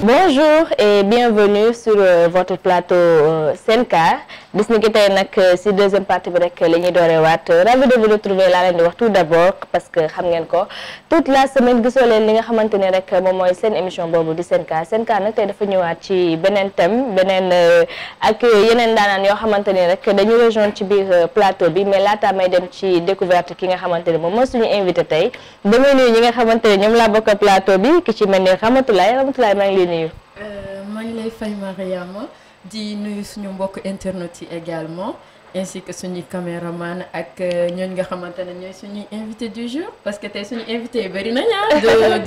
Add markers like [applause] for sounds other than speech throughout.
Bonjour et bienvenue sur euh, votre plateau euh, bis ni ki tey nag euh, si deuxième partie bi rek la ñuy dooreewaat euh, ravi de vous retrouver laa leen di wax tout d'abord parce que xam ngeen ko toute la semaine gisoo leen li nga xamante ni rek moom mooy seen émission boobu di seen cas seen cas nag tey dafa ñëwaat ci beneen thème beneen euh, ak yeneen daanaan yoo xamante ni rek dañu rejoindre ci biir plateau bi mais laata may dem ci découverte ki nga xamante ni moom mooy suñu invité tey damay nuyu ñi nga xamante ni ñoom laa bokk plateau bi ki ci mel ni Ramatoulaye Ramatoulaye maa ji nuyu suñu mbokk internet yi également ainsi que suñu caméraman ak euh, ñooñ nga xamante ne ñooy suñuy invité du parce que tey suñu invité yi bëri nañ ah.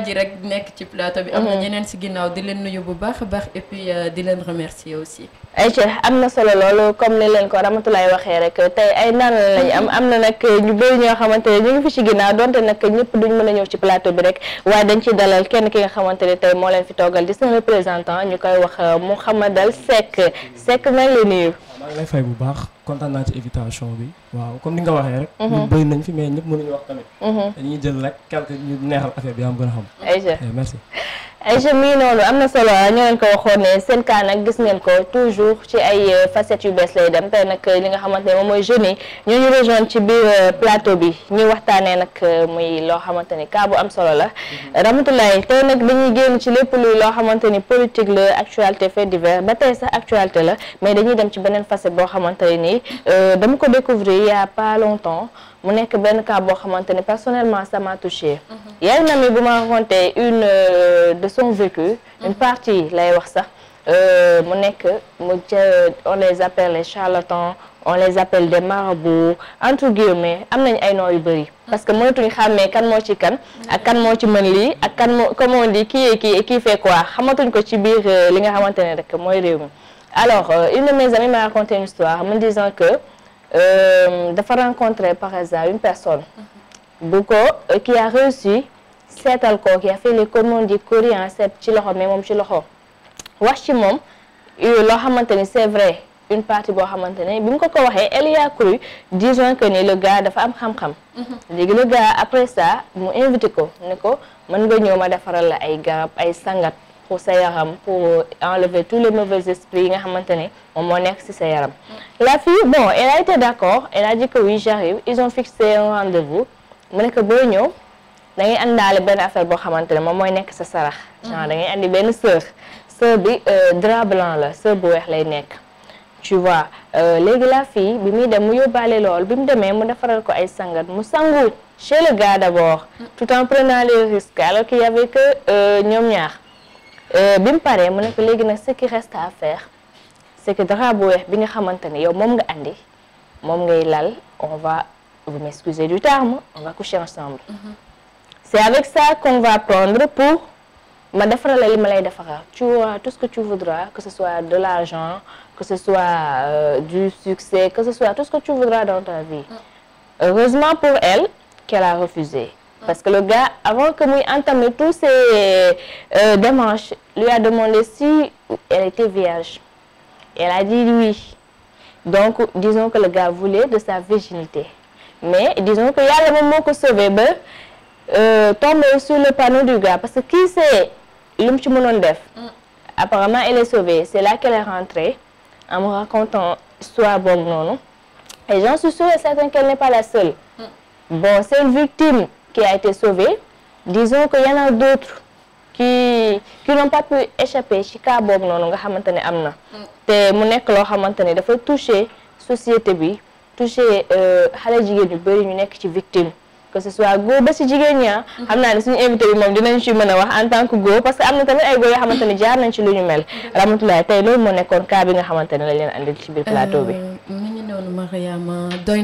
[laughs] ji rek nekk ci plateau bi. am na mm-hmm. ñeneen si ginnaaw di leen nuyu bu baax a baax euh, di leen remercier aussi. ayca am na solo loolu comme ni leen ko Ramatulaay waxee rek tey ay naan lañ am mm-hmm. am na nag ñu bëri ñoo xamante ne ñu ngi fi ci ginnaaw donte nag ñëpp duñ mën a ñëw ci plateau bi rek waaye dañ ciy dalal kenn ki nga xamante ne tey moo leen fi toggal di seen représentant ñu koy wax euh, Mouhamadal Seck Seck maa ngi lay nuyu. maa ngi lay fay bu baax kontaan naa ci invitation bi waaw comme ni nga waxee rek. Mhm. ñu bëri nañ fi mais ñëpp mënuñu wax tamit. Mhm. dañuy jël rek quelque ñu neexal affaire bi yaa gën a xam. Eh, merci. ay mi noonu am na solo ñoo leen ko waxoon ne seen kaa nag gis ngeen ko toujours ci ay euh, facettes yu bees lay dem tey nag euh, li nga xamante ne moom mooy jeunes yi ñoo ñu rejoindre ci biir euh, plateau bi ñuy waxtaanee nag muy loo xamante ni kaa bu am solo la. Mm-hmm. Ramatoulaye tey nag dañuy génn ci lépp luy loo xamante ni politique la actualité fait divers ba tey sax actualité la mais dañuy dem ci beneen facette boo xamante ne nii dama ko découvrir il y a pas longtemps. mu nekk benn cas boo xamante ne personnellement ça m'a touché mhm. y a une amie bu ma raconté une euh, de son vécu une mhm. partie lay wax sax euh, mu nekk mu on les appelle les charlatans on les appelle des marabouts entre guillemets am nañ ay noms yu bëri parce que mënatuñ xàmmee kan moo ci kan mhm. ak kan moo ci mën lii ak kan moo comme on dit qui est qui et qui quoi xamatuñ ko ci biir euh, li nga xamante ne rek mooy réew mi alors une de mes amies m'a raconté une histoire me disant que Euh, dafa rencontrer par exemple une personne bu ko euh, qui a réussi seetal ko qui a fait les comme ci loxo mais moom ci loxo wax ci moom euh, loo xamante ni c'est vrai une partie boo xamante ne bi mu ko ko waxee elle y a cru que ni le gars dafa am xam-xam mhm. léegi le gars après ça mu invité ko ne ko mën nga ñëw ma defaral la ay garab ay sangat pour sa yaram pour enlever tous les mauvais esprits yi nga xamante ne moom moo nekk ci sa yaram la fille bon elle a été d'accord elle a dit que oui j'arrive ils ont fixé un rendez-vous mu nekk boo ñëw da ngay àndaale benn affaire boo xamante ne moom mooy nekk sa sarax genre mm. ah, da ngay andi benn sër sër bi euh, drap blanc la sër bu weex lay nekk tu vois euh, léegi la fille bi muy dem mu yóbbaale lool bi mu demee mu defaral ko ay sangat mu sangu chez le gars d'abord mm. tout en prenant Euh, bi mu paree mu ne ko léegi nag ce qui reste à faire c'est que drap bu bi nga xamante ne yow moom nga andi moom ngay lal on va vous m'excusez du terme on va coucher ensemble. Mm-hmm. c'est avec ça qu'on va prendre pour ma defaral la li ma lay defaral tu vois ce que tou voudras que ce soit de l'argent que ce soit euh, du succès que ce soit tout ce que tu voudras dans ta vie. Mm. heureusement pour elle qu'elle a refusé. Parce que le ga avant que moi entame tous ses euh, démarches, lui a demandé si elle était vierge. Elle a dit oui. Donc, disons que le gars voulait de sa virginité. Mais disons qu'il y a le moment que ce bébé euh, tombe sur le panneau du gars. Parce que qui c'est l'homme Apparemment, elle est sauvée. C'est là qu'elle est rentrée en me racontant soit bon non. Et j'en suis sûre et certaine qu'elle n'est pas la seule. Mm. Bon, c'est une victime. qui a été sauvé disons que y en a d'autres qui pas pu échapper ci cas noonu nga xamante ne am na te mu nekk loo xamante ne dafa toucher société bi toucher euh, xale jigéen ñu bëri ñu nekk ci victime que ce soit góor ba si jigéen ah. mhm. xam naa ne suñu invité bi moom dinañ ci mën a wax en tant que góor parce que am na tamit ay góor yoo xamante jaar nañ ci lu ñu mel mhm. Ramatoulaye tey loolu moo nekkoon cas bi nga xamante ne la leen andil ci biir plateau bi euh, mi ngi noonu Mariama doy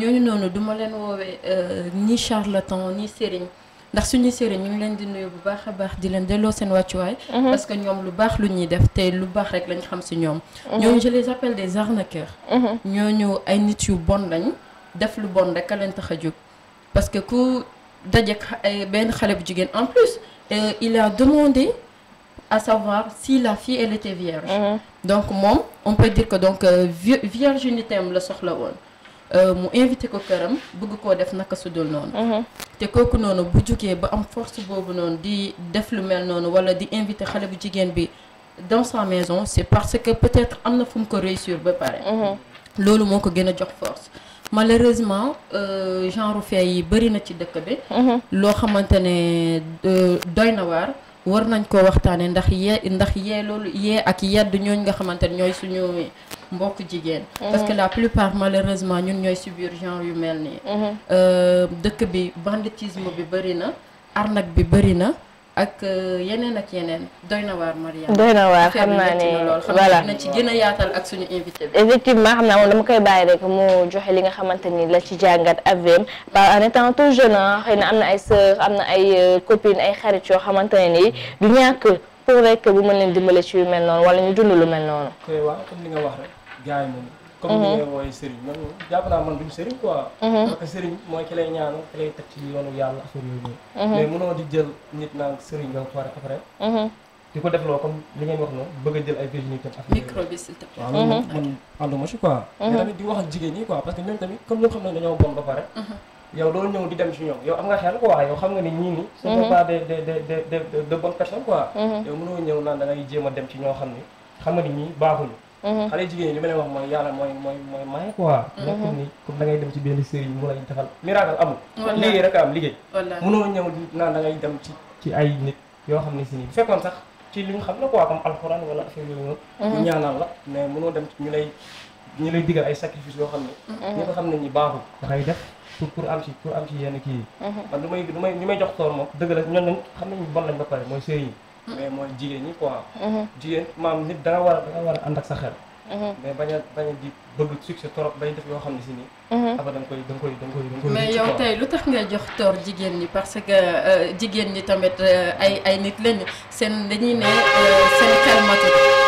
ñooñu noonu duma leen woowee euh, ni charlatan ni sëriñ ndax suñu sëriñ ñu ngi leen di nuyu bu baax a baax di leen delloo seen wàccuwaay. Mhm. parce que ñoom lu baax lu ñuy def te lu baax rek lañ xam si ñoom. Mhm. ñooñu je les appelle des arnaqueurs. Mhm. ñooñu ay nit yu bon lañ def lu bon rek a leen tax a jóg parce que ku dajeek benn xale bu jigéen en plus euh, il a demandé. à savoir si la fi elle était vierge. donc moom on peut dire que donc euh, virginité am la soxla woon. Euh, mu invité ko këram bëgg koo def naka su dul noonu. Mhm. te kooku noonu bu jugee ba am force boobu noonu di def lu mel noonu wala di invité xale bu jigéen bi dans sa maison c'est parce que peut-être am na fu mu ko réussir ba pare. Mhm. loolu moo ko gën a jox force. malheureusement euh, genre fee yi bëri na ci dëkk bi. Mhm. loo xamante ne euh, doy na waar. war nañ koo waxtaanee ndax yee ndax yee loolu yee ak yedd ñooñ nga xamante ne ñooy suñu mbokk jigéen. Mhm. parce que la plupart malheureusement ñun ñooy subir genre yu mel nii. Mhm. Euh, dëkk bi banditisme bi bëri na arnaque bi bëri na. ak euh, yeneen ak yeneen doy na waar Mariama. doy na waar xam naa ne voilà na ci gën a yaatal ak suñu invité bi. effectivement xam naa moom dama koy bàyyi rek mu joxe li nga xamante ni la ci jàngat AVM en étant tout jeune xëy na am na ay sœurs am na ay euh, copines ay xarit yoo xamante ne nii du ñàkk pour rek bu mën leen dimbale ci yu mel noonu wala ñu dund lu mel noonu. ok waaw comme li nga wax rek gars yi moom. comme ni mhm. ngay wooyee sëriñ man jàpp naa man mhm. mooy ki lay ñaanal ki yàlla affaire yooyu mhm. mais mënoo di jël nit naan sëriñ nga pare ko defloo comme li ngeen wax noonu bëgg a jël ay virginité ak micro man ànduma si ñi quoi parce que ñoom tamit comme ñoom xam ne dañoo bon ba pare. yow loolu ñëw di dem si ñoom yow am nga xel quoi yow xam nga ni ñii nii. ce n'est pas des des des des de bonnes personnes quoi. yow mënoo ñëw naan da ngay jéem a dem ci ñoo xam ni xam nga ni ñii baaxuñu Mm-hmm. xale jigéen ñi li ma leen wax mooy yàlla mooy mooy mooy maye quoi. Mm-hmm. nekkul ni comme dem ci benn sëriñ mu lay defal miracle amul. liggéey rek a am liggéey. mënoo ñëw naan da ngay dem ci ci ay nit yoo xam ne si nii bu fekkoon sax ci li ñu xam ne la quoi comme alxuraan wala affaire yooyu noonu. Mm-hmm. ñu ñaanal la mais mënoo dem ci ñu lay ñu lay digal ay sacrifice yoo xam ne. ñi nga xam ne ñu baaxul dangay def. pour pour am ci pour am ci yenn kii yi. man lu may lu may li may jox toor moom dëgg la ñoom lañ xam nañu bon lañ ba pare mooy Mm-hmm. mais mooy jigéen ñi quoi. Mm-hmm. jigéen maam nit da war a da war a ànd ak sa xel. Mm-hmm. mais bañ a bañ a di bëgg succès trop bay def yoo xam ne si nii. après da nga koy da nga koy da nga koy. mais yow tey lu tax nga jox tort jigéen ñi parce que euh, jigéen ñi tamit euh, ay ay nit lañu seen dañuy ne euh, seen xel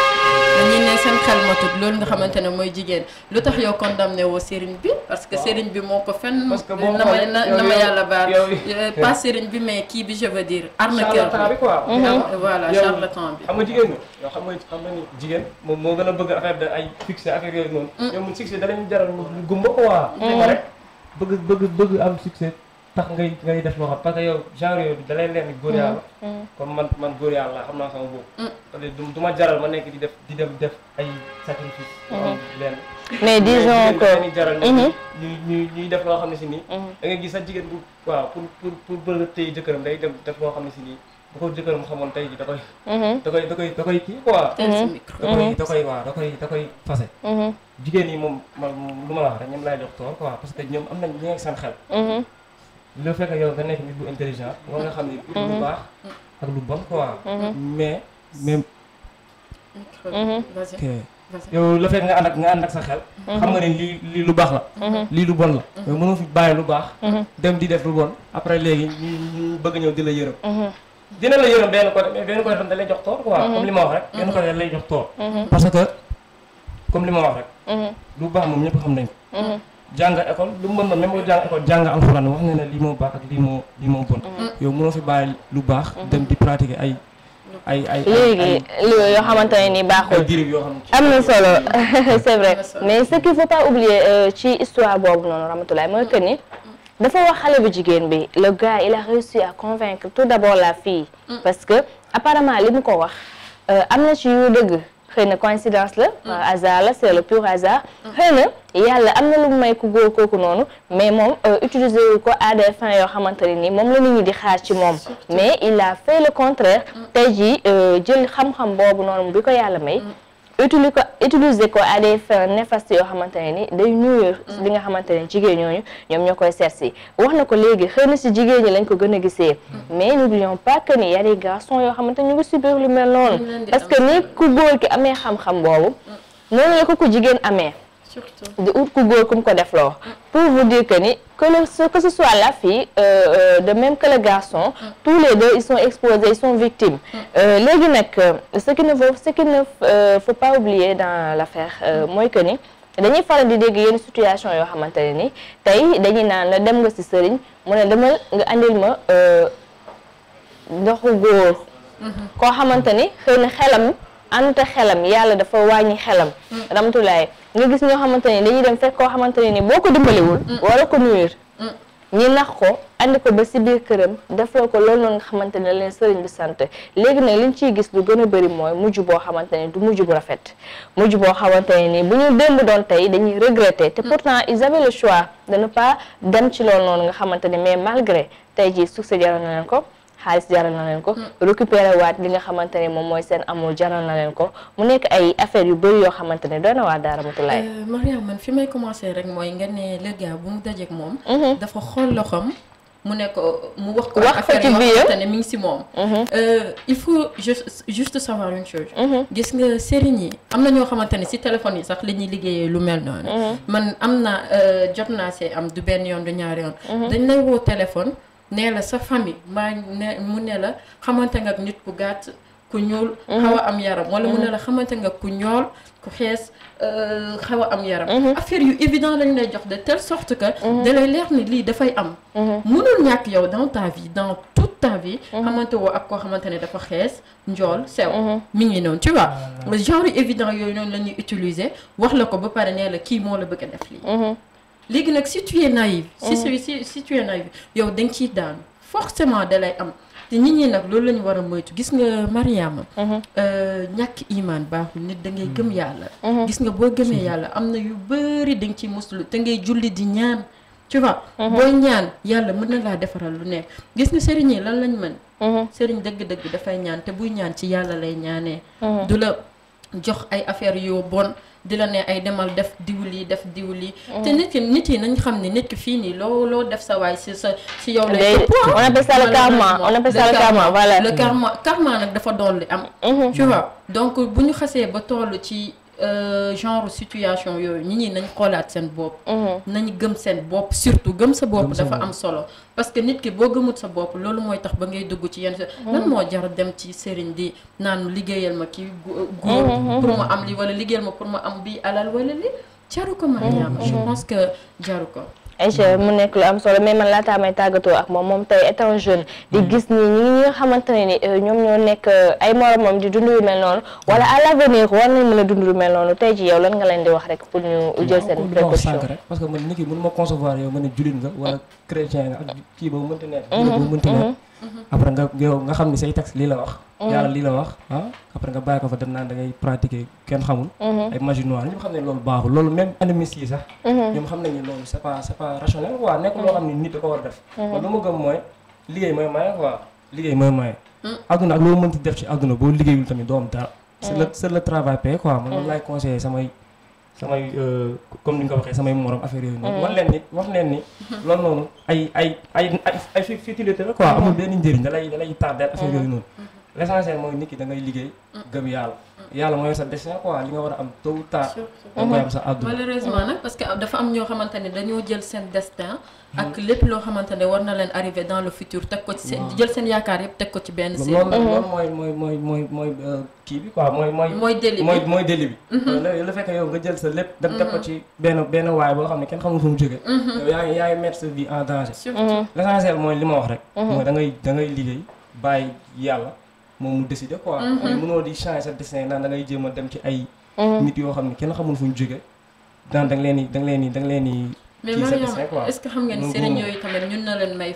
ñi ne seen xel matut loolu nga xamante ne mooy jigéen lu tax yow condamné woo sëriñ bi parce que sëriñ bi moo ko fen euh, na ma na ma yàlla baal euh, pas sëriñ bi mais kii bi je veux dire arnaqueur bi quoi euh, mhm. voilà charlatan bi xam nga jigéen ñi yow xam nga xam nga jigéen moom moo gën a bëgg affaire de ay succès affaire yooyu noonu ñoom mm. succès danañu jaral lu gumba quoi mm. rek bëgg bëgg bëgg am succès tax ngay ngay def loo xam parce que yow genre yooyu da lay leen ni góor kon mm, mm. man man góor yàlla xam naa sama bopp mm. parce que ma jaral ma nekk di def di dem def ay sacrifice mm-hmm. leen mais disons que dañuy jaral mm-hmm. ñu ñuy def loo xam ne si nii mm-hmm. da gis sa jigéen bu waaw pour pour pour bëgg a téye jëkkëram day dem def loo xam ne si nii bu ko jëkkëram xamoon tey ji da koy da koy da koy da koy kii quoi da koy da koy waaw da koy da jigéen yi moom lu ma la wax rek ñoom laay jox toor quoi parce que ñoom am nañ ñi ngi le fait que yow nga nekk nit bu intelligent war nga xam ne lu mhm. baax ak lu bon quoi mhm. mais mais mhm. yow le fait nga ànd ak nga ànd ak sa xel xam nga ne lii lu baax la lii lu bon la mais mënoo fi bàyyi lu baax dem di def lu bon après léegi ñu bëgg ñëw di la yërëm dina la yërëm benn côté mais benn côté lay jox tort quoi comme li ma wax rek benn côté da lay jox tort parce que comme li ma wax rek lu baax moom ñëpp xam nañ ko jàng école lu mu jàng école jàng wax ne ne lii moo baax ak lii moo bon. Mm-hmm. yow mënoo fi bàyyi lu baax. Mm-hmm. dem di pratiquer ay. ay léegi loolu yoo xamante ne ni baaxul [laughs] am na solo c'est vrai mais ce qu'il faut pas oublier euh, ci histoire boobu noonu Ramatoulaye mooy que ni dafa wax xale bu jigéen bi le gars yi la réussi à convaincre tout d'abord la fille mm. parce que apparemment li mu ko wax euh, am na ci yu dëgg xëy na coïncidence la mm. euh, hasard la c'est le pur hasard mm. xëy na yàlla am na lu may ku góor kooku noonu mais moom euh, utiliser ko à des yoo xamante ne nii moom la nit ñi di xaar ci moom mais il a fait le contraire mm. tey jii euh, jël xam-xam boobu noonu bi ko yàlla may utili ko utiliser ko à des fins yoo xamante ne ni day ñuyu li nga xamante ne jigéen ñooñu ñoom ñoo koy seet wax na ko léegi xëy na si jigéen ñi lañ ko gën a gisee mais n'oublions pas que yoo xamante ñu ngi subir lu mel noonu parce que ni ku góor ki amee xam-xam boobu noonu la ko ku jigéen amee surtout di ut ku góor ku ko def loo pour vous dire que ni que le que ce soit la fille euh, euh, de même que le garçon tous les deux ils sont exposés ils sont victimes euh, léegi nag euh, ce qui ne faut ce qui ne faut pas oublier dans l'affaire mooy que ni dañuy faral di dégg yenn situation yoo xamante ne ni tey dañuy naan la dem nga ci sëriñ mu ne demal nga andil ma ndoxu góor mhm. koo xamante ni xelam anta xelam yàlla dafa wàññi xelam ramtulaay mm. nga gis ñoo xamante ni dañuy dem fekk koo xamante ne ni boo ko dimbaliwul mm. wala ko nuyur mm. ñi nax ko andi ko ba si biir këram defoo ko loolu nga xamante ne leen sëriñ bi sant léegi nag liñ ciy gis lu gën a bëri mooy mujj boo xamante ne du mujj bu rafet mujj boo xamante ne ni bu ñu démb doon tey dañuy regretter te pourtant ils avaient le choix de pas dem ci loolu noonu nga xamante ne mais malgré tey jii succès jaral na leen ko xaalis jaral na leen ko mm. récupérer waat li nga xamante ne moom mooy seen amul jaral na leen ko mu nekk ay affaire yu bëri yoo xamante ne doy waa daara Matoulaye euh, Mariam man fi may commencer rek mooy nga ne le bu mu dajeek moom mm-hmm. dafa xool loxoom mu nekk mu wax ko wax affaire yoo mi ngi si moom mm-hmm. euh, il faut juste juste savoir une mm-hmm. gis nga sëriñ yi am na ñoo xamante ne si téléphone yi sax li ñuy liggéeyee lu mel noonu man am naa euh, jot naa see am du benn yoon du ñaari yoon dañ téléphone nee la sa famille maa ne mu ne la xamante nga ak nit ku gàtt ku ñuul mhm. xaw a am yaram wala mu ne mhm. la xamante nga ku ñool ku xees euh, xaw a am yaram mhm. affaire yu évident lañ lay jox de telle sorte que da lay leer ni lii dafay am mënul ñàkk yow dans ta vie dans toute ta vie xamante woo ak koo xamante ne dafa xees njool sew mi ngi noonu tu genre évident yooyu noonu la ñuy utiliser wax la ko ba pare nee la kii moo la bëgg a def lii léegi nag si tu es naïf. si oh. si si yow da nga ciy daanu forcément da lay am te nit ñi nag loolu la war a moytu gis nga Mariama. Mhm. Euh, ñàkk imaan baaxul nit da mm. gëm yàlla. Mhm. gis nga boo gëmee mm. yàlla am na yu bëri da nga ciy muslu te ngay julli di ñaan. tu vois mhm. booy ñaan yàlla mën na laa defaral lu nekk gis nga sëriñ yi lan lañ mën. sëriñ dëgg-dëgg dafay ñaan te buy ñaan ci yàlla lay ñaanee. du la jox ay affaires yoo bon. di ne ay demal def diwli yi def diwli yi mm. te nit ki nit yi nañ xam ne nit ki fii nii loo def sa waay si sa si yow lay on appelle ça le karma on appelle ça le karma voilà le karma nag dafa doon li am mm-hmm. tu vois donc bu ñu xasee ba toll ci Euh, genre situation yooyu nit ñi nañ xoolaat seen bopp. Mhm. nañ gëm seen bopp surtout gëm sa bopp. dafa am solo parce que nit ki boo gëmut sa bopp loolu mooy tax ba ngay dugg ci yenn. Mhm. lan moo jar dem ci sëriñ di naanu liggéeyal ma kii mhm, góor. pour ma am li wala liggéeyal ma pour ma am bii alal wala li jaru ko Mariama je pense que jaru ko. Aïcha mu nekk lu am solo mais man laataa may tàggatoo ak moom moom tey étant jeune di mm-hmm. gis ni ñi nga xamante ne ni euh, ñoom ñoo nekk euh, ay moromam di dund lu mel noonu wala à l'avenir war nañ mën a dund lu mel noonu tey ji yow lan nga leen di wax rek pour ñu jël seen précaution parce que man nit ki mën ma concevoir yow mën a julit nga wala chrétien nga kii boobu mënta nekk mm-hmm. boobu mënta mm-hmm. nga yow nga xam ne say texte lii la wax Mm-hmm. yàlla lii la wax ah après nga bàyyi ko fa dem naan da pratiquer kenn xamul mm-hmm. ay magie noire ñoom xam ne loolu baaxul loolu même animiste yi sax mm-hmm. ñoom xam nañu loolu c'est pas c'est pas nekk loo a def man lu ma gëm liggéey mooy maye quoi liggéey mooy maye mm. àdduna loolu mënti def ci àdduna boo liggéeyul tamit doo am mm. le c'est le travail paye quoi man loolu mm. laay conseiller samay euh, comme ni nga ko waxee samay morom affaire yooyu noonu wan leen wax leen ni [laughs] loolu noonu ay ay ay ay futilité la quoi amul benn njëriñ da lay da affaire yooyu noonu l' essentiel mooy nit ki da ngay liggéey. gëm yàlla. yàlla mooy sa destin quoi li nga war a am tôt ou tard. da ngay am que dafa am ñoo xamante ne dañoo jël seen destin. ak lépp loo xamante ne war na leen arrivé dans le futur teg ko ci seen. jël seen yaakaar yëpp teg ko ci benn. séeréer loolu loolu mooy mooy mooy mooy mooy euh, bi quoi mooy. mooy mooy mooy mooy déli bi. Mhm. le yow nga jël sa lépp. dem ko mhm. ci benn benn waay boo xam ne kenn xamul fu mu jógee. Mhm. yow yaa ngi yaa ngi mettre sa vie en danger. surtout l' essentiel mooy li ma wax rek. mooy da ngay da ngay liggéey bàyyi yàlla moom mu décider quoi. Mhm. ay mënoo di changer sa destin naan da jéem a dem ci ay. Mhm. nit yoo xam ne kenn xamul fu ñu jóge. daan da leen di da nga leen di da nga leen di mais Mariam est-ce que xam ngeen sëriñ yooyu tamit ñun na leen may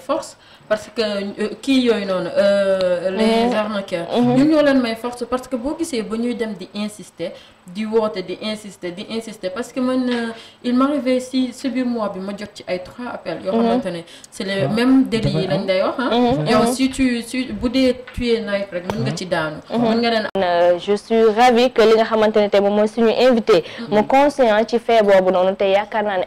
parce que euh, euh, mhm. ñoo leen may force parce que boo gisee ba ñuy dem di insister di woote di insister di insister parce que man euh, il m'arrivait si si biir mois bi ma jot ci ay trois appels yoo mhm. xamante ne c'est la ah, mêmes délits yi lañ day wax ah yow mhm. si tu si bu dee tuer naaj rek mën nga ci daanu mën nga leen je suis ravie que li nga xamante ne tey moom mooy suñu invité mu conscient ci fait boobu noonu te yaakaar naa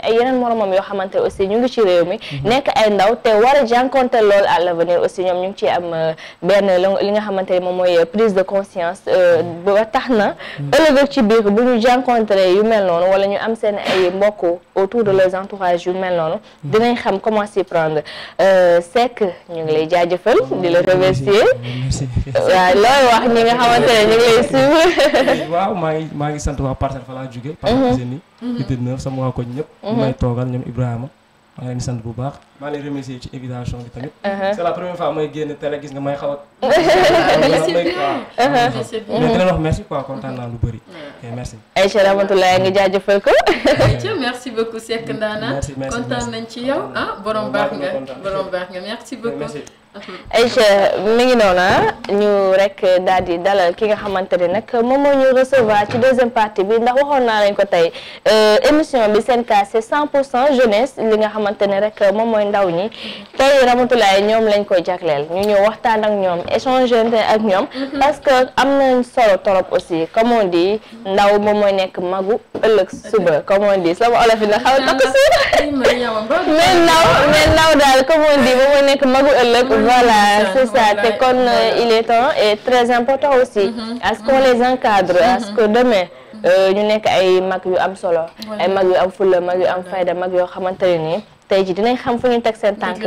ñoom yoo xamante aussi ñu ngi ci réew mi nekk ay ndaw te war a jànkonte lool à l'avenir aussi ñoom ñu ngi ciy am euh, benn li nga xamante ne moom mooy euh, prise de conscience euh, ba tax na ëllëg ci biir bu ñu jànkonte yu mel noonu wala ñu am seen ay mbokk autour de leurs entourages yu mel noonu dinañ xam comment s'y prendre Seck ñu ngi lay jaajëfal di la remercier waaw looy wax ñi nga xamante ñu ngi lay suivre [laughs] maa ngi maa ngi sant Mm-hmm. unité 9 sama waa koñ ñëpp ñu mm-hmm. may toogal ñoom Ibrahima maa ngi leen di sant bu baax maa ngi lay remercier ci invitation bi tamit uh-huh. c'est la première fois may génn télé gis nga may xaw a mais dina wax merci quoi kontaan naa lu bëri mm-hmm. merci Aïcha Ramatoulaye nga jaajëfal ko Aïcha merci beaucoup Seck Ndana ah, kontaan nañ ci yow borom baax nga borom baax nga merci beaucoup Aïcha mi ngi noona ah. ñu rek daal di dalal ki nga xamante ni nag moom moo ñu recevoir ci deuxième partie bi ndax waxoon naa lañ ko tey euh, émission bi seen cas c'est cent pour cent jeunesse li nga xamante ne rek moom mooy ndaw ñi tey Ramatoulaye ñoom lañ koy jagleel ñu ñëw waxtaan ak ñoom échanger ak ñoom mm-hmm. parce que am nañ solo torop aussi comme on dit ndaw moom mooy nekk magu ëllëg suba comme on dit sama olof yi na xaw a takk ah, si [laughs] mais ndaw mais ndaw daal comme on dit moom nekk voilà c'est ça te kon euh, il est temps et très important aussi a mm-hmm. ce qu'on les encadre a ce mm-hmm. que demain mm-hmm. euh, ñu nekk ay mag yu am solo ay mag yu am fulla mag yu am fayda mag yoo xamante ne nii tey ji dinañ xam fu ñu teg seen tànk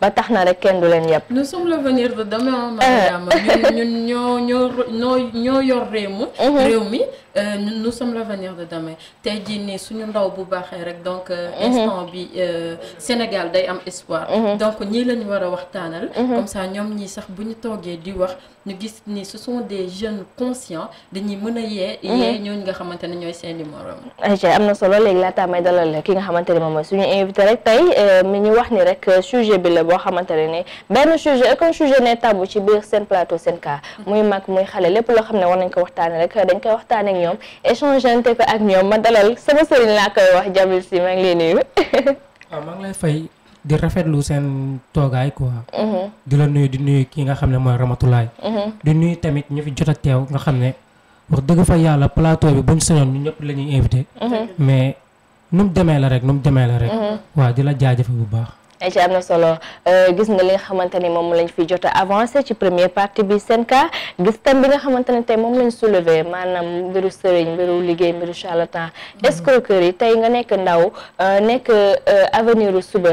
ba tax na rek kenn du leen yëpp nous sommes l'avenir de demain Mariama euh. ñoo ñoo ñoo ñoo yor mi réew mi mhm. euh, nous sommes l'avenir de demain tey jii nii suñu ndaw bu baaxee rek donc euh, mhm. instant bi Sénégal day am espoir mhm. donc ñii la ñu war a waxtaanal comme ça ñoom ñii sax bu ñu toogee di wax ñu gis ni ce sont des jeunes conscients dañuy mën a yee yee ñooñu nga xamante ne ñooy seen i morom am na solo léegi laataa may dalal ki nga xamante ne moom mooy suñu invité rek tey Euh, mi ñu wax ni rek euh, sujet bi la boo xamante ne ni benn sujet aucun sujet n'est tabou ci biir seen plateau seen cas muy mag muy xale lépp loo xam ne war nañ ko waxtaane rek dañ koy waxtaane ak ñoom échangeante ko ak ñoom ma dalal sama sëriñ laa koy wax Jamil si maa ngi lay nuyu [laughs] waaw maa ngi lay fay di seen toogaay ko mm-hmm. di la nuyu di nuyu ki nga xam ne mooy Ramatulaay. Mm-hmm. di nuyu tamit ñu fi jot a teew nga xam ne wax dëgg fa yàlla plateau bi buñ sañoon ñu ñëpp la ñuy invité. Mm-hmm. mais nu mu demee la rek nu mu demee la rek. Mm-hmm. waaw di la jaajëfe bu baax. ci am na solo euh, gis nga li nga xamante ni moom lañ fi jot a avancé ci première partie bi seen cas gis tam bi nga xamante ne tey moom lañ soulevé maanaam mbiru sëriñ mbiru liggéey mbiru charlatan mm-hmm. escroquerie yi tey nga nekk ndaw euh, nekk euh, avenir u suba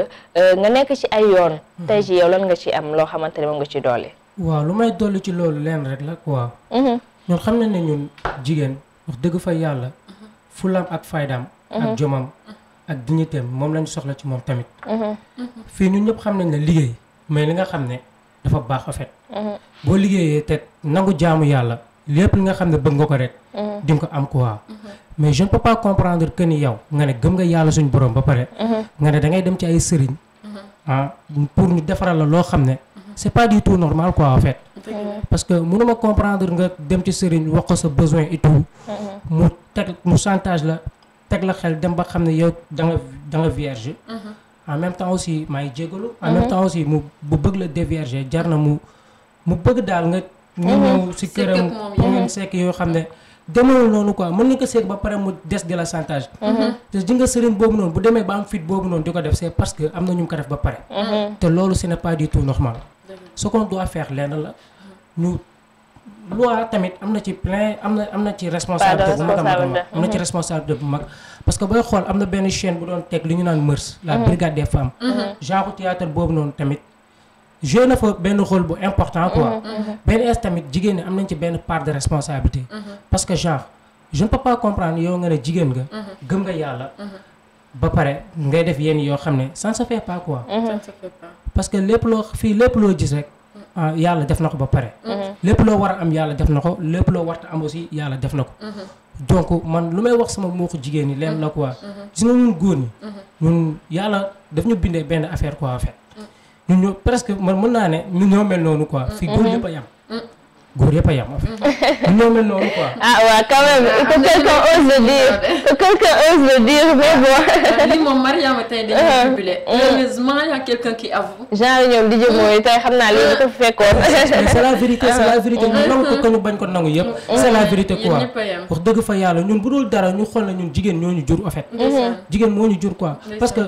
nga nekk ci ay yoon mm-hmm. tey ji yow lan nga ci am loo xamante ne moom nga ci doole waaw lu may dolli ci loolu leen rek la quoi ñun xam nañ ne ñun jigéen wax dëgg fa yàlla fulam ak faydaam ak mhm. jomam ak dignité moom lañ soxla ci moom tamit mhm. fii ñun ñëpp xam nañ ne liggéey mais li nga xam ne dafa baax a fait mhm. boo liggéeyee te nangu jaamu yàlla lépp li nga xam ne bëgg nga ko rek di nga ko am quoi mais je ne peux pas comprendre que ni yow nga ne gëm nga yàlla suñu borom ba pare nga ne da ngay dem ci ay sëriñ ah pour ñu defaral la loo xam ne c'est pas du tout normal quoi a fait parce que mënuma comprendre nga dem ci sëriñ wax ko sa besoin et tout mu teg la xel dem ba xam ne yow da nga da nga vierge mhm. en même temps aussi maay jégalu en mhm. même temps aussi mu bu bëgg la dévierger jar na mu mu bëgg daal nga nga mhm. ñëw si këram yoo xam ne demeewul noonu quoi mën nañu ko seeg ba pare mu des di la chantage te ji nga sëriñ boobu noonu bu demee ba am fit boobu noonu di ko def c'est parce que am na ñu mu ko def ba pare te loolu ce n'est pas du tout normal ce qu'on doit faire lenn la ñu loi tamit am na ci plein am na am na ci responsabilité bu mag ci mhm. responsabilité bu mag parce que booy xool am na benn chaîne bu doon teg li ñu naan Mœurs la mhm. brigade des femmes mhm. genre théâtre boobu noonu tamit joué na fa benn rôle bu important quoi benn es tamit jigéen ñi am nañ ci benn part de responsabilité parce que genre je ne peux pas comprendre yow nga ne jigéen nga gëm nga yàlla ba pare ngay def yenn yoo xam ne san ne se fait quoi parce que lépp loo fii lépp loo gis rek Ah, yàlla def na ko ba pare. Mhm. lépp loo war a am yàlla def na ko lépp loo warta am aussi yàlla def na ko. Mhm. donc man lu may wax sama mbokku jigéen ñi leen la quoi. Mhm. gis nga ñun góor ñi. ñun yàlla daf ñu bindee benn affaire ko en fait. ñu ñoo presque man mën naa ne ñun ñoo mel noonu quoi. fii góor ñëpp a yam. góor a yam. ñoo mel noonu quoi. a quelqu'un qui avoue. genre ñoom di jëm mooy tey xam naa lii dafa fekkoon. [laughs] c'est la vérité c'est la vérité ñu nangu ko que ah. ñu bañ ko nangu yëpp. Mm-hmm. c'est la vérité quoi wax dëgg fa yàlla ñun bu dul dara ñu xool na ñun jigéen ñoo ñu jur en fait. jigéen moo ñu jur quoi. parce que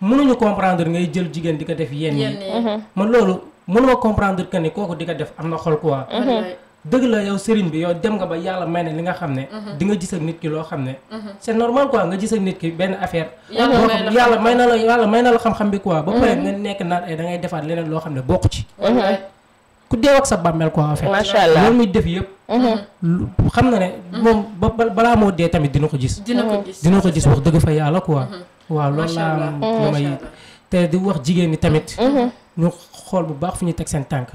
mënuñu comprendre ngay jël jigéen di ko def yenn yi. Mm-hmm. man loolu. mënuma comprendre que ni kooku di ko def am na xol quoi. Mm-hmm. dëgg la yow sëriñ bi yow dem nga ba yàlla may na li nga xam ne mm-hmm. di nga gis nit ki loo xam ne mm-hmm. c'est normal quoi nga gis ak nit ki benn affaire yàlla may na la yàlla may na la xam-xam bi quoi ba pare nga nekk naan ay eh, da ngay defaat leneen loo xam ne bokku ci ku deew ak sa bàmmeel quoi en macha allah loolu muy def yëpp xam na ne moom ba balaa moo dee tamit dina ko jis dina ko gis dina ko gis wax dëgg fa yàlla quoi waaw loolu laa lu may te di wax jigéen ñi tamit ñu xool bu baax fu ñu teg seen tànk.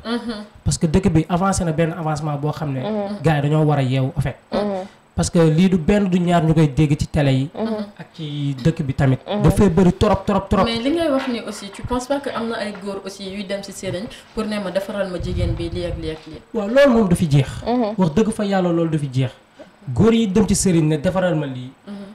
parce que dëkk bi avancé na benn avancement boo xam ne. Mhm. gars yi dañoo war a yeewu en fait. Mhm. parce que lii du benn du ñaar ñu koy dégg ci télé yi. Mhm. ak ci dëkk bi tamit. dafay bëri trop trop trop. mais li ngay wax ni aussi tu penses pas que am na ay góor aussi yuy dem ci sëriñ pour ne ma defaral ma jigéen bi lii ak lii ak lii. waaw loolu moom du fi jeex. wax dëgg fa yàlla loolu du fi jeex. góor yi dem ci sëriñ ne defaral ma lii.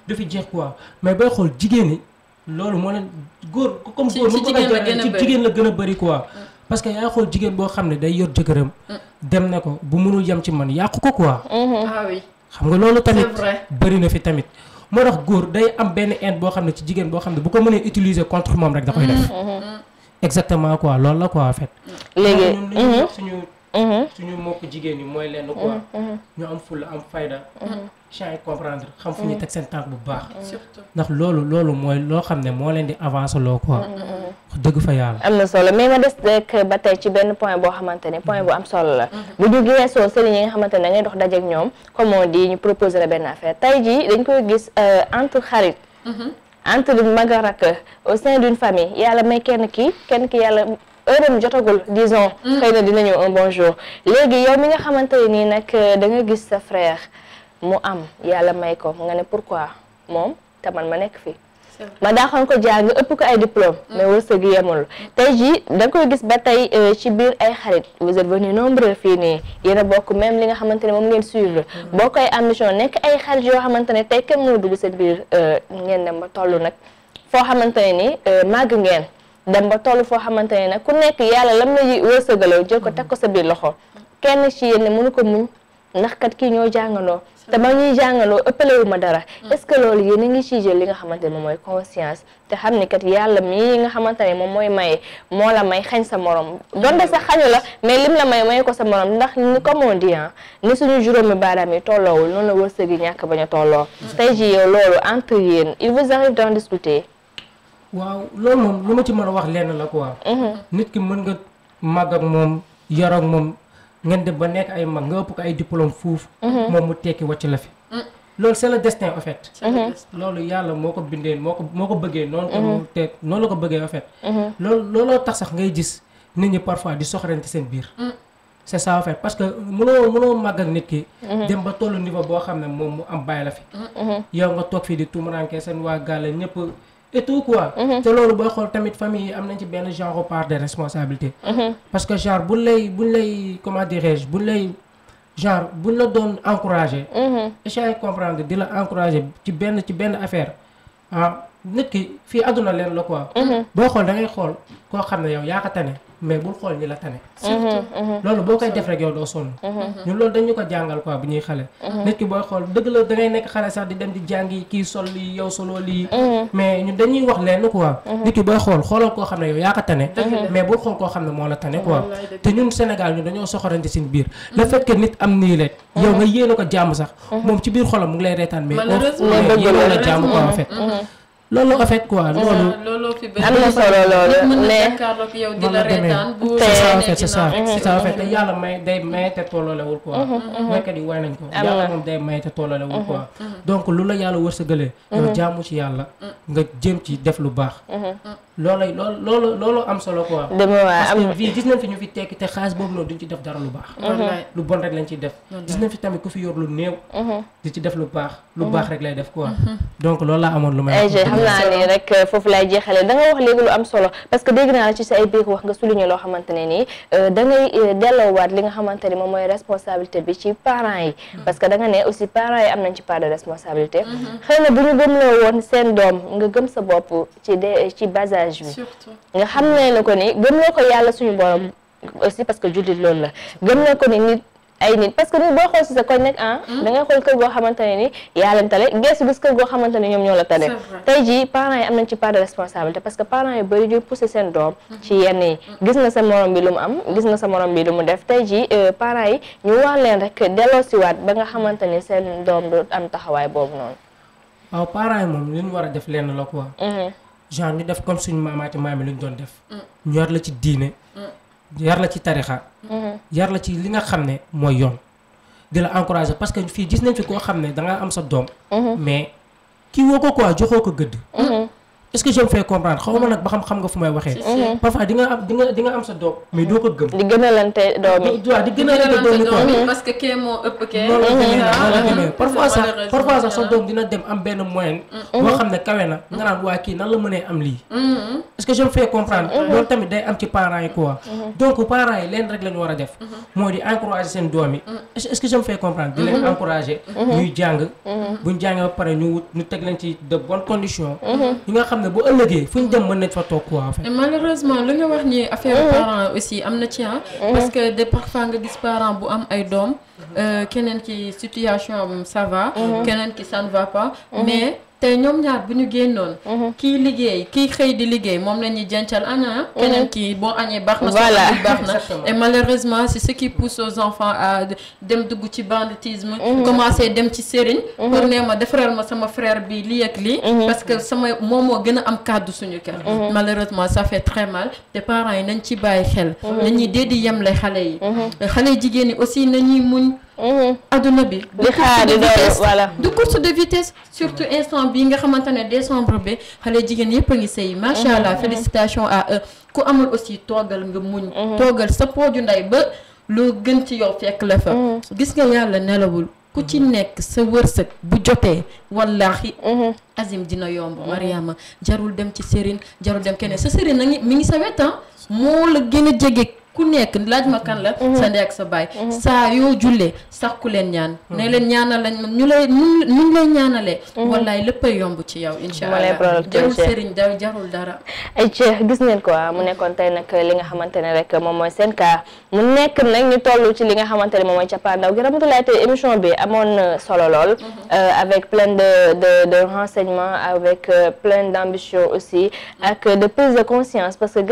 du fi jeex quoi mais booy xool jigéen ñi. loolu moo leen góor comme góor mën ko gën ci jigéen la gën a bari quoi mm. parce que yaa xool jigéen boo xam ne day yor jëkkëram mm. dem ne ko bu munul yem ci man yàqu ko quoi mm-hmm. ah oui xam nga loolu tamit bëri na fi tamit moo tax góor day am benn inde boo xam ne ci jigéen boo xam ne bu ko mënee utiliser contre moom rek da koy def mm-hmm. Mm-hmm. exactement quoi loolu la quoi en fait léegi Mm-hmm. suñu mbokk jigéen ñi mooy lenn quoi. Mm-hmm. ñu am fulla am fayda. Mm-hmm. changer comprendre xam fu ñu teg seen tànk bu baax. ndax loolu loolu mooy loo xam ne moo leen di avancer loo quoi. wax dëgg fa yàlla. am na solo mais ma des rek ba tey ci benn point boo xamante ne point bu am solo la. bu ñu gisee sëriñ yi nga xamante ne da ngay dox dajeeg ñoom comme on dit ñu proposer la benn affaire tey jii dañ koy gis euh, entre xarit. entre mag ak rakk au sein d'une famille yàlla may kenn ki heure am jotagul mm. dina ñëw un bon léegi yow mi nga xamante ne nii nag euh, da nga gis sa frère mu am yàlla may ko mu nga ne pourquoi moom te man ma nekk fii. ma daaxoon ko jàng ëpp ko ay diplôme mm. mais wërsëg yemul tey jii da nga koy gis ba tey euh, ci biir ay xarit vous êtes venus nombreux fii nii yéen bokk même li nga xamante ne moom ngeen suivre mm. boo koy ambition nekk ay xarit yoo xamante ne tey kenn mënu dugg seen biir euh, ngeen dem ba toll nag foo xamante ne ni màgg ngeen dem ba toll foo xamante ne nag ku nekk yàlla lam la wërsëgalaw jël ko teg ko sa biir loxo kenn ci yéen mënu ko muñ ndax kat kii ñoo jàngandoo te ba ñuy jàngandoo ëppalewu ma dara mm. est-ce que loolu yéen a ngi ci jël li nga xamante ne moom mooy conscience te xam ni kat yàlla mii nga xamante ne moom mooy maye moo la may xañ sa moroom donte sa xañu la mais lim la may may ko sa morom ndax ni comme on dit ni suñu juróomi baaraam yi tolloowul noonu la wërsëg yi ñàkk bañ ñu tolloo mm. tey ji yow loolu entre yéen il vous arrive waaw loolu moom lu ma ci mën a wax lenn la quoi. Mhm. nit ki mën nga màgg ak moom yor ak moom ba ay mag nga ëpp ay diplôme fuuf. Mhm. moom mu tekki wàcc la fi. Mm. loolu c'est le destin en fait. Mhm. loolu moo ko bindee moo moo ko bëggee. noonu ko mu teg noonu la ko bëggee en fait. loolu looloo tax sax ngay gis nit ñi parfois di soxrante seen biir. Mm. c'est parce que mënoo mënoo màgg ak nit ki. dem ba tollu niveau boo xam ne moom mu am bàyyi la fi. Mm. yow nga toog fii di tuumaraanke seen waa gàlle ñëpp. et tout quoi. Mhm. te loolu booy xool tamit famille yi am nañ ci benn genre part de responsabilité. Mhm. parce que genre buñ lay bu lay comment dirais-je buñ lay genre buñ la doon encouragé. Mhm. essayer comprendre di la encouragé ci benn ci benn affaire ah nit ki fii àdduna leen la quoi. boo xool dangay xool koo xam ne yow yaa ko mais bul xool ñi la tane mhm, surtout mhm. loolu boo koy def rek yow doo sonn mhm. ñun lool dañu ko jàngal quoi bu ñuy xale nit ki booy xool dëgg la da ngay nekk xale sax di dem di jàngi kii sol lii yow solo lii mais ñun dañuy wax lenn quoi nit ki booy xool xoolal koo xam ne yow yaa ko tane mais bul xool koo xam ne moo la tane quoi te ñun Sénégal ñun dañoo soxorante seen biir le fait nit am nii leen yow nga yéene ko jàmm sax moom ci biir xolam mu ngi lay reetaan loolu en fait quoi loolu. loolu fi am solo la reetaan bu c'est ça en fait mhm. mhm, mhm. ko. la yàlla wërsëgalee. yow nga jëm ci def lu baax. loolay loolu loolu loolu am solo quoi. am parce que gis nañ fi ñu fi tekki te xaalis boobu noonu duñ ci def dara lu baax. lu bon rek lañ ciy def. gis fi tamit ku fi yor lu néew. di ci def lu baax. lu baax rek lay def quoi. donc loolu laa amoon lu may. xam naa ni rek euh, foofu laay jeexale da nga wax léegi lu am solo parce que dégg naa la ci sa ay biir wax nga souligné loo xamante ne nii euh, da ngay euh, delloowaat li nga xamante ni moom mooy responsabilité bi ci parents yi mm-hmm. parce que da nga ne aussi parents yi am nañ ci part de responsabilité mm-hmm. xëy na bu ñu gëmloo seen doom nga gëm sa bopp ci de ci bas âge bi nga xam ne ko ni gëmloo ko yàlla suñu borom aussi parce que jullit loolu la gëm na ko ni ay nit parce que nit boo xool si sa koñ nekk ah. Hmm? da xool kër goo xamante ne ni yaa leen tale gees gis kër goo xamante ne ñoom ñoo la tale. tey jii parents yi am na ci part de responsabilité parce que parents yi bëri ñuy pousser seen hmm. hmm. gis nga sa morom bi lu mu am gis nga sa morom bi lu def tey jii euh, parents yi ñu wax leen rek delloosiwaat ba nga xamante ni seen doom du am taxawaay boobu noonu. waaw parent yi moom li ñu war a def lenn la ko quoi. Mm-hmm. genre ñu def comme suñu maamaati maam yi lu ñu doon def. Mm. yor la ci diine. yar la ci tarixa mm-hmm. yar la ci li nga xam ne mooy yoon di la encourager parce que fii gis nañ fi koo xam ne da am sa doom mm-hmm. mais kii woo ko quoi joxoo ko gëdd mm-hmm. est-ce que je me fais comprendre xaw ma nag ba xam-xam nga fu may waxee. parfois di nga am di nga parfois sa doom dina dem am benn moyen. Mm-hmm. boo xam ne kawe na nga naan waa kii la mënee am lii. Mm-hmm. est-ce que je me fais comprendre. Mm-hmm. loolu tamit day am ci parents yi quoi. donc parents yi leen rek la ñu war a def. moo di encourager seen doom yi. est-ce que je me fais di leen encourager. ñuy jàng. buñ jàngee ba pare ñu teg leen ci de bonnes conditions. ñi nga xam ne bu ëllëgee fu ñu dem mën nañ fa toog quoi. malheureusement lu nga wax ni affaire mm-hmm. parents aussi am na ci ah. mm-hmm. parce que de parfois nga gis parent bu am ay doom. Euh, keneen ki situation am ça va. Mm-hmm. keneen ki ça va pas mais. tey ñoom ñaar bu ñu génnoon. Mhm. kii liggéey kii xëy di liggéey moom la ñuy jëncal añaa. Ah, ah, ah. mhm. keneen kii boo añee baax na. voilà baax na et malheureusement c'est ce qui pousse aux enfants à dem dugg ci banditisme. Mhm. commencé dem ci sëriñ. pour ne ma defaral ma sama frère bi lii ak lii. parce que sama moom moo gën a am kàddu suñu kër. malheureusement ça fait très mal te parents yi nañ ci bàyyi xel. nañuy déedéet yemle xale yi. xale jigéen ñi aussi nañuy muñ. Mhm. adduna bi. li xaar voilà du course de vitesse. surtout instant bii nga xamante ne décembre bi xale jigéen yëpp a ngi sëy. macha allah mhm. félicitations à ku amul aussi toogal nga muñ. Mhm. toogal sa pooju ndey ba loo gën ci yow fekk la fa. gis nga yàlla nelawul. ku ci nekk sa wërsëg bu jotee wallaahi azim dina yomb mariama jarul dem ci sëriñ jarul dem keneen sa sëriñ na ngi mi ngi sa wetam ah. moo la gën a jege ku nekk laaj ma kan la mhm. sa ndey ak sa baay mhm. saa yoo jullee sax ku leen ñaan ne leen mhm. ñaanal lañ ñu lay ñu lay ñaanalee wallaay lépp a yomb ci yow incha allah jarul dara ay ceex gis ngeen ko mu nekkoon tey nag li nga xamante ne rek moom mooy seen cas mu nekk nag ñu toll ci li nga xamante ne moom mooy cappaandaw gi ramatulaay tey émission bi amoon solo lool euh, avec plein de de de renseignements avec euh, plein d'ambition aussi ak de prise de conscience parce que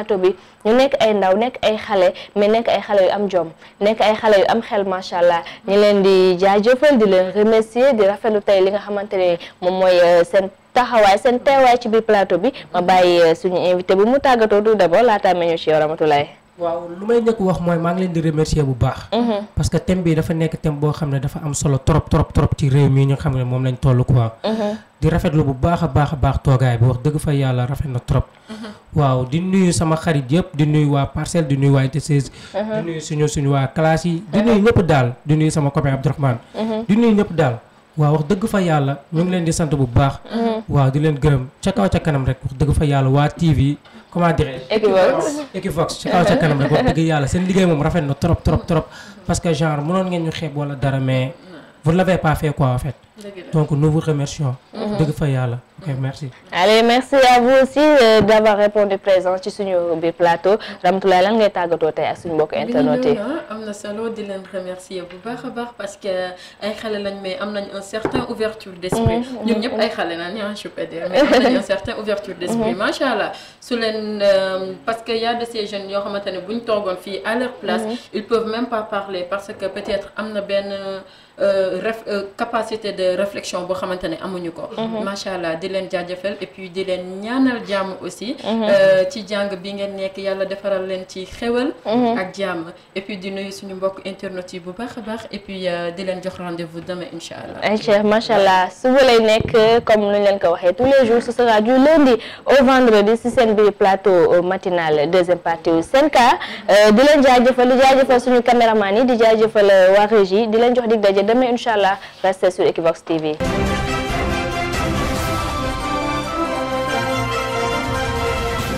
plateau bi ñu nekk ay ndaw nekk ay xale mais nekk ay xale yu am jom nekk ay xale yu am xel macha allah ñi leen di jaajëfal di leen remercier di rafetlu tey li nga xamante ne moom mooy euh, seen taxawaay seen teewaay ci biir plateau bi ma bàyyi euh, suñu invité bi mu tàggatoo tout d'abord laataa meñu ci yow Ramatoulaye waaw lu may njëkk wax mooy maa ngi leen di remercier bu baax. Mhm. parce que thème bi dafa nekk thème boo xam ne dafa am solo trop trop trop ci réew mi ñu xam ne moom lañ toll quoi. Mhm. di rafetlu bu baax a baax a baax toogaay bi wax dëgg fa yàlla rafet na trop. Mhm. waaw di nuyu sama xarit yëpp di nuyu waa parcelle di nuyu di nuyu suñu suñu waa classe yi. di nuyu ñëpp daal di nuyu sama copain Abdourahmane. di nuyu ñëpp daal. waaw wax dëgg fa yàlla ñu ngi leen di sant bu baax. waaw di leen gërëm ca kaw ca kanam rek comment dirais je. Equivox Equivox. ca kaw ca kanam rek wax dëgg yàlla seen liggéey moom rafet na trop trop trop parce que genre mënoon ngeen ñu xeeb wala dara mais la l'avez pas fait quoi en fait. donc nous remersion remercions. Mhm. dëgg fa yàlla. Okay, merci. Allez, merci à vous aussi euh, d'avoir répondu présent ci suñu biir plateau Ramatoulaye lan ngay tàggatoo tey ak suñu mbokk internet yi. am na solo di leen remercier bu baax baax parce que ay xale lañ mais am nañ un certain ouverture d'esprit. Mm-hmm, mm-hmm. ñun ñëpp ay xale lañ ah je peux dire mais am nañ un certain ouverture mm-hmm. euh, parce que y de ces jeunes yoo xamante ne bu ñu toogoon fii à leur place. ils peuvent même pas parler parce que peut-être am na benn euh, euh, capacité de réflexion boo xamante ne amuñu ko. macha leen jaajëfal et puis di leen ñaanal jàmm aussi. Mhm. Euh, ci jàng bi ngeen nekk yàlla defaral leen ci xewal. Mhm. ak jàmm et puis di nuyu suñu mbokk internet yi bu baax a baax euh, di leen jox rendez-vous demain incha allah. incha macha allah nekk comme lu leen ko waxee tous les jours ce sera du lundi au vendredi si seen biir plateau euh, matinal deuxième partie wu seen cas di leen jaajëfal di jaajëfal suñu caméraman yi di waa régie di leen jox dig daje demain incha allah restez sur Equivox TV.